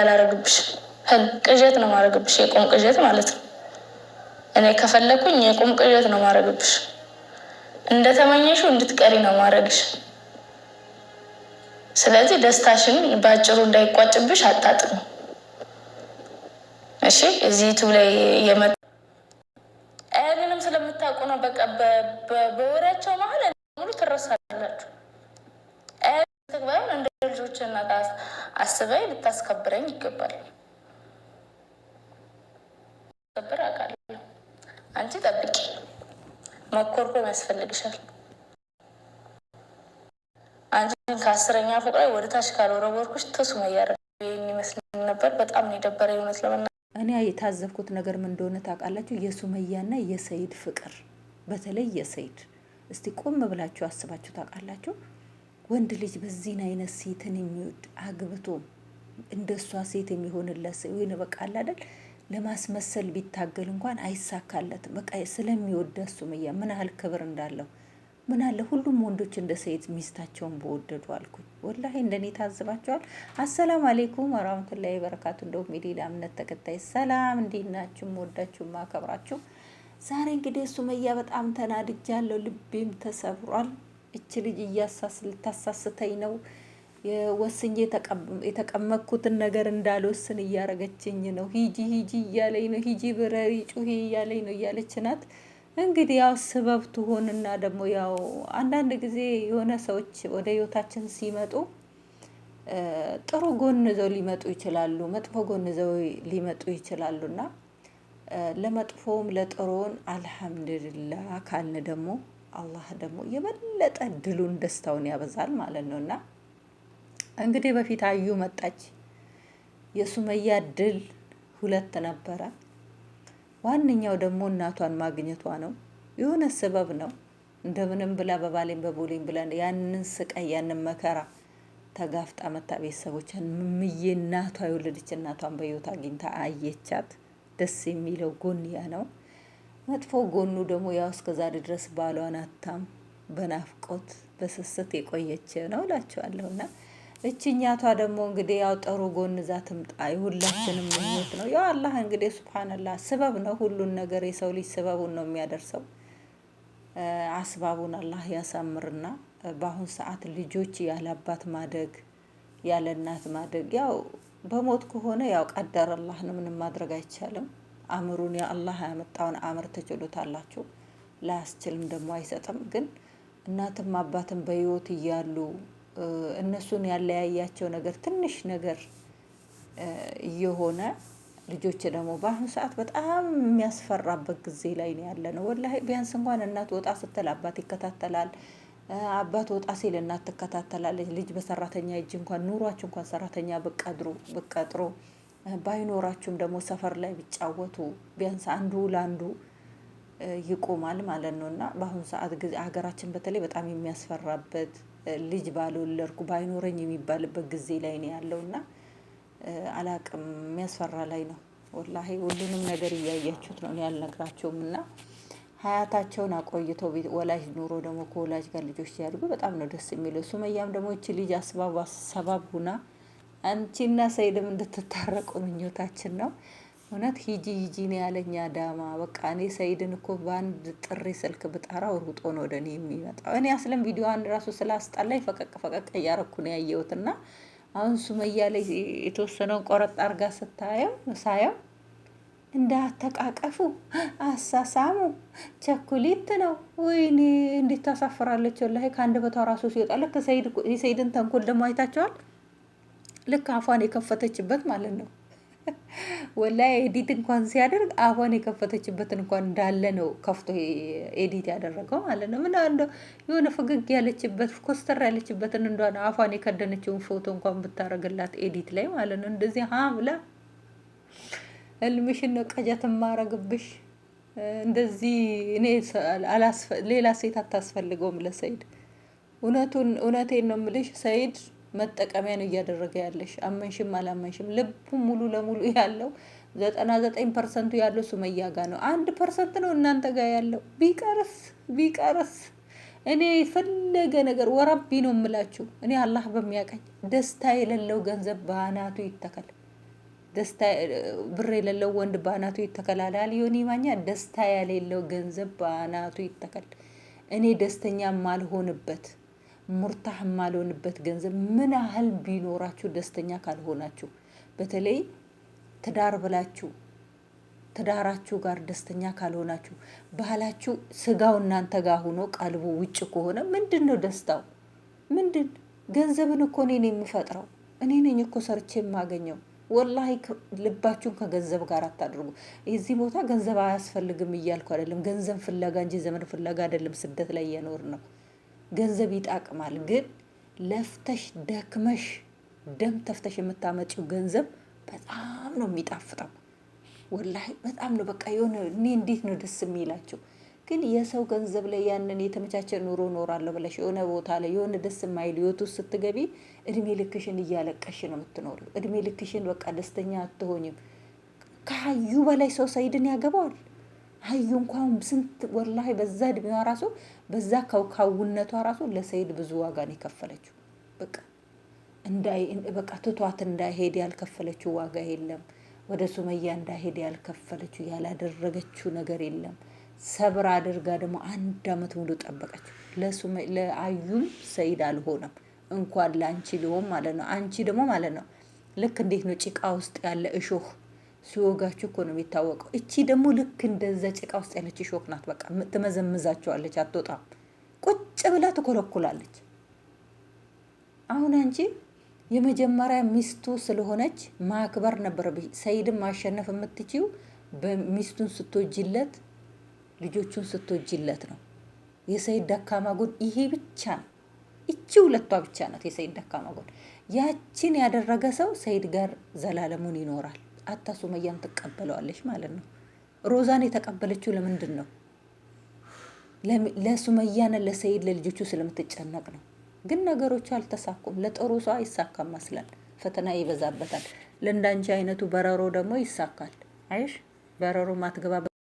ያላረግብሽ ህግ ቅዠት ነው ማረግብሽ፣ የቁም ቅዠት ማለት ነው። እኔ ከፈለኩኝ የቁም ቅዠት ነው ማረግብሽ። እንደተመኘሹ እንድትቀሪ ነው ማረግሽ። ስለዚህ ደስታሽን በአጭሩ እንዳይቋጭብሽ አታጥም። እሺ፣ እዚህ ዩቱብ ላይ የመ ምንም ስለምታውቁ ነው። በቃ በወሬያቸው መሀል ሙሉ ትረሳላችሁ። ስትግ እንደ ልጆች እናት አስበኝ ልታስከብረኝ ይገባል። ከብር አውቃለሁ። አንቺ ጠብቂ፣ መኮርኮም ያስፈልግሻል። አንቺን ከአስረኛ ፎቅ ላይ ወደ ታች ካልወረወርኩሽ ተሱ መያረግ ይመስል ነበር። በጣም ነው የደበረኝ እውነት ለመናገር። እኔ የታዘብኩት ነገር ምን እንደሆነ ታውቃላችሁ? የሱመያና የሰይድ ፍቅር፣ በተለይ የሰይድ እስቲ ቆም ብላችሁ አስባችሁ ታውቃላችሁ? ወንድ ልጅ በዚህን አይነት ሴትን የሚወድ አግብቶ እንደ እሷ ሴት የሚሆንለት ሰው ይህን በቃ ለማስመሰል ቢታገል እንኳን አይሳካለትም። በቃ ስለሚወደ ሱመያ ምን ያህል ክብር እንዳለው ምን አለ ሁሉም ወንዶች እንደ ሴት ሚስታቸውን በወደዱ አልኩኝ። ወላሂ እንደኔ ታዝባቸዋል። አሰላሙ አሌይኩም ወራህመቱላሂ በረካቱ። እንደውም የሌላ እምነት ተከታይ ሰላም፣ እንዴት ናችሁ? ወዳችሁ ማከብራችሁ። ዛሬ እንግዲህ ሱመያ በጣም ተናድጃለሁ፣ ልቤም ተሰብሯል። እች ልጅ ልታሳስተኝ ነው ወስኜ የተቀመጥኩትን ነገር እንዳልወስን እያረገችኝ ነው፣ ሂጂ ሂጂ እያለኝ ነው፣ ሂጂ ብረሪ ጩሂ እያለኝ ነው እያለች ናት። እንግዲህ ያው ስበብ ትሆንና ደግሞ ያው አንዳንድ ጊዜ የሆነ ሰዎች ወደ ህይወታችን ሲመጡ ጥሩ ጎን ዘው ሊመጡ ይችላሉ፣ መጥፎ ጎን ዘው ሊመጡ ይችላሉና ለመጥፎም ለጥሩን አልሐምድልላ ካልን ደግሞ አላህ ደግሞ የበለጠ ድሉን ደስታውን ያበዛል ማለት ነው። እና እንግዲህ በፊት አዩ መጣች። የሱመያ ድል ሁለት ነበረ። ዋነኛው ደግሞ እናቷን ማግኘቷ ነው። የሆነ ስበብ ነው። እንደምንም ብላ በባሌም በቦሌም ብላ ያንን ስቃይ ያንን መከራ ተጋፍጣ መታ ቤተሰቦቿን ምምዬ እናቷ የወለደች እናቷን በህይወት አግኝታ አየቻት። ደስ የሚለው ጎን ነው። መጥፎ ጎኑ ደግሞ ያው እስከዛሬ ድረስ ባሏን አታም በናፍቆት በስስት የቆየች ነው እላችኋለሁ። እና እችኛቷ ደግሞ እንግዲህ ያው ጥሩ ጎን እዛ ትምጣ የሁላችንም ምኞት ነው። ያው አላህ እንግዲህ ሱብሃነላህ ስበብ ነው ሁሉን ነገር የሰው ልጅ ስበቡን ነው የሚያደርሰው። አስባቡን አላህ ያሳምርና በአሁን ሰዓት ልጆች ያለ አባት ማደግ ያለ እናት ማደግ ያው በሞት ከሆነ ያው ቀደር አላህ ነው፣ ምንም ማድረግ አይቻልም። አእምሩን የአላህ ያመጣውን አእምር ትችሉታላችሁ። ላያስችልም ደግሞ አይሰጥም። ግን እናትም አባትም በህይወት እያሉ እነሱን ያለያያቸው ነገር ትንሽ ነገር እየሆነ ልጆች ደግሞ በአሁኑ ሰዓት በጣም የሚያስፈራበት ጊዜ ላይ ነው ያለ ነው። ወላሂ ቢያንስ እንኳን እናት ወጣ ስትል አባት ይከታተላል። አባት ወጣ ሲል እናት ትከታተላለች። ልጅ በሰራተኛ እጅ እንኳን ኑሯችሁ እንኳን ሰራተኛ ብቀጥሩ ብቀጥሮ ባይኖራችሁም ደግሞ ሰፈር ላይ ቢጫወቱ ቢያንስ አንዱ ለአንዱ ይቆማል ማለት ነው እና በአሁኑ ሰዓት ጊዜ ሀገራችን በተለይ በጣም የሚያስፈራበት ልጅ ባልወለድኩ ባይኖረኝ የሚባልበት ጊዜ ላይ ነው ያለው እና አላቅም የሚያስፈራ ላይ ነው። ወላሂ ሁሉንም ነገር እያያችሁት ነው። እኔ እና ሀያታቸውን አቆይተው ወላጅ ኑሮ ደግሞ ከወላጅ ጋር ልጆች ሲያድጉ በጣም ነው ደስ የሚለው። ሱመያም ደግሞ እቺ ልጅ አስባብ ሰባብ ሁና አንቺና ሰይድም እንድትታረቁ ምኞታችን ነው። እውነት ሂጂ ሂጂ ነው ያለኝ አዳማ። በቃ እኔ ሰይድን እኮ በአንድ ጥሪ ስልክ ብጠራው ሩጦ ነው ወደ እኔ የሚመጣው። እኔ አስለም ቪዲዮ አንድ ራሱ ስላስጣላኝ ፈቀቅ ፈቀቅ እያረኩ ነው ያየሁትና አሁን ሱመያ ላይ የተወሰነውን ቆረጥ አርጋ ስታየው ሳየው እንዳተቃቀፉ አሳሳሙ ቸኩሊት ነው። ወይኔ እንዴት ታሳፍራለች! ወላሂ ከአንድ በቷ ራሱ ሲወጣ ልክ የሰይድን ተንኮል ደግሞ አይታቸዋል። ልክ አፏን የከፈተችበት ማለት ነው። ወላሂ ኤዲት እንኳን ሲያደርግ አፏን የከፈተችበትን እንኳን እንዳለ ነው ከፍቶ ኤዲት ያደረገው ማለት ነው። ምን እንደ የሆነ ፈገግ ያለችበት ኮስተር ያለችበትን እንደሆነ አፏን የከደነችውን ፎቶ እንኳን ብታረግላት ኤዲት ላይ ማለት ነው። እንደዚህ ሀምላ እልምሽን ነው ቀጀት ማረግብሽ እንደዚህ እኔ ሌላ ሴት አታስፈልገውም ለሰይድ። እውነቱን እውነቴን ነው ምልሽ ሰይድ መጠቀሚያ ነው እያደረገ ያለሽ። አመንሽም አላመንሽም ልቡ ሙሉ ለሙሉ ያለው ዘጠና ዘጠኝ ፐርሰንቱ ያለው ሱመያ ጋ ነው። አንድ ፐርሰንት ነው እናንተ ጋር ያለው። ቢቀርስ ቢቀርስ እኔ የፈለገ ነገር ወረቢ ነው የምላችሁ። እኔ አላህ በሚያቀኝ ደስታ የሌለው ገንዘብ በአናቱ ይተከል፣ ደስታ ብር የሌለው ወንድ በአናቱ ይተከል። አላል ዮኒ ማኛ ደስታ የሌለው ገንዘብ በአናቱ ይተከል። እኔ ደስተኛ ማልሆንበት ሙርታህ የማልሆንበት ገንዘብ ምን ያህል ቢኖራችሁ ደስተኛ ካልሆናችሁ፣ በተለይ ትዳር ብላችሁ ትዳራችሁ ጋር ደስተኛ ካልሆናችሁ፣ ባህላችሁ ስጋው እናንተ ጋር ሆኖ ቀልቡ ውጭ ከሆነ ምንድን ነው ደስታው? ምንድን ገንዘብን እኮ እኔ የምፈጥረው፣ እኔ ነኝ እኮ ሰርቼ የማገኘው። ወላሂ ልባችሁን ከገንዘብ ጋር አታድርጉ። የዚህ ቦታ ገንዘብ አያስፈልግም እያልኩ አይደለም፣ ገንዘብ ፍለጋ እንጂ ዘመን ፍለጋ አይደለም። ስደት ላይ እየኖር ነው ገንዘብ ይጣቅማል፣ ግን ለፍተሽ ደክመሽ ደም ተፍተሽ የምታመጪው ገንዘብ በጣም ነው የሚጣፍጠው። ወላሂ በጣም ነው በቃ የሆነ እኔ እንዴት ነው ደስ የሚላቸው። ግን የሰው ገንዘብ ላይ ያንን የተመቻቸ ኑሮ ኖራለሁ ብለሽ የሆነ ቦታ ላይ የሆነ ደስ የማይል ህይወት ውስጥ ስትገቢ እድሜ ልክሽን እያለቀሽ ነው የምትኖሩ። እድሜ ልክሽን በቃ ደስተኛ አትሆኝም። ከሀዩ በላይ ሰው ሰይድን ያገባዋል። ሀዩ እንኳን ስንት ወላሂ በዛ እድሜዋ ራሱ በዛ ከውካውነቷ ራሱ ለሰይድ ብዙ ዋጋ ነው የከፈለችው። በቃ እንዳይ በቃ ትቷት እንዳይሄድ ያልከፈለችው ዋጋ የለም። ወደ ሱመያ እንዳይሄድ ያልከፈለችው ያላደረገችው ነገር የለም። ሰብር አድርጋ ደግሞ አንድ አመት ሙሉ ጠበቀችው። ለአዩም ሰይድ አልሆነም እንኳን ለአንቺ ሊሆን ማለት ነው። አንቺ ደግሞ ማለት ነው ልክ እንዴት ነው ጭቃ ውስጥ ያለ እሾህ ሲወጋችሁ እኮ ነው የሚታወቀው። እቺ ደግሞ ልክ እንደዛ ጭቃ ውስጥ ያለች ሾክ ናት። በቃ ትመዘምዛቸዋለች አትወጣም። ቁጭ ብላ ትኮለኩላለች። አሁን አንቺ የመጀመሪያ ሚስቱ ስለሆነች ማክበር ነበረብሽ። ሰይድን ማሸነፍ የምትችው በሚስቱን ስትወጅለት ልጆቹን ስትወጅለት ነው። የሰይድ ደካማ ጎን ይሄ ብቻ ነው። እቺ ሁለቷ ብቻ ናት የሰይድ ደካማ ጎን። ያችን ያደረገ ሰው ሰይድ ጋር ዘላለሙን ይኖራል። አታ ሱመያን ትቀበለዋለች ማለት ነው። ሮዛን የተቀበለችው ለምንድን ነው? ለሱመያና ለሰይድ ለልጆቹ ስለምትጨነቅ ነው። ግን ነገሮች አልተሳኩም። ለጥሩ ሰው ይሳካ መስላል። ፈተና ይበዛበታል። ለእንዳንቺ አይነቱ በረሮ ደግሞ ይሳካል። አይሽ በረሮ ማትገባ